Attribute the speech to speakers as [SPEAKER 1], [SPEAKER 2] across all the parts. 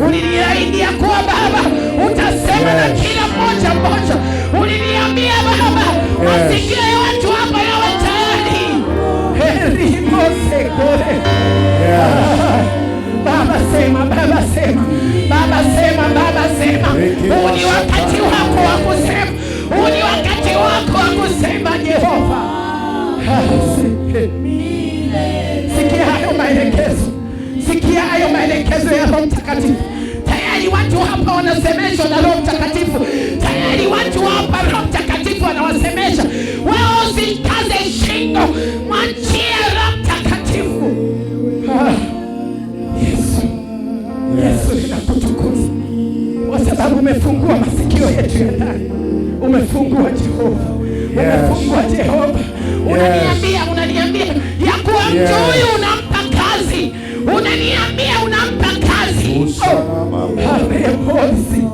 [SPEAKER 1] Uliniahidi ya kuwa Baba utasema na kila mmoja mmoja. Uliniambia Baba masikio ya watu hapa yawe tayari erimosekore Baba sema, Baba sema, Baba sema, Baba sema. Huu ni wakati wako wa kusema, huu ni wakati wako wa kusema Jehova. maelekezo ya Roho Mtakatifu. Tayari watu hapa wanasemeshwa na Roho Mtakatifu, tayari watu hapa Roho Mtakatifu anawasemesha. wao. usikaze shingo, mwachie Roho Mtakatifu. Ah, Yesu, Yesu ninakutukuza kwa sababu umefungua masikio yetu ya ndani, umefungua Jehova, umefungua Jehova, unaniambia unaniambia ya kuwa mtu huyu rahisi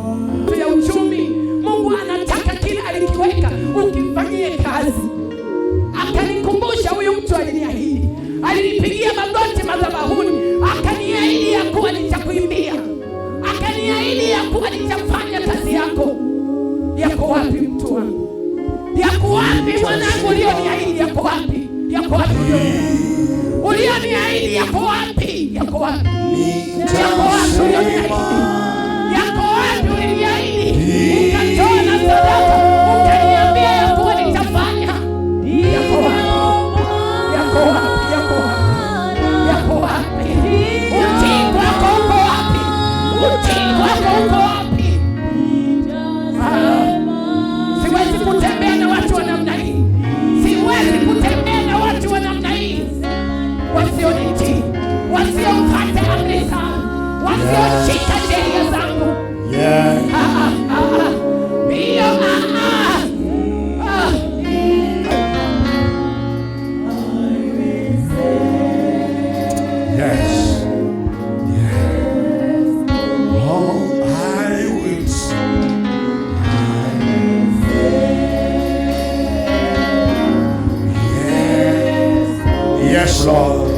[SPEAKER 1] ya uchumi. Mungu anataka kile alikiweka ukifanyie kazi. Akanikumbusha huyu mtu aliniahidi, alinipigia magoti madhabahuni, akaniahidi ya kuwa nitakuimbia, akaniahidi ya kuwa nitafanya kazi yako. Yako wapi mtu wangu? Yako wapi mwanangu ulioniahidi? Yako wapi? Yako wapi ulioniahidi? Ulioniahidi yako wapi? Yako wapi? Yako wapi?
[SPEAKER 2] Yes, Lord.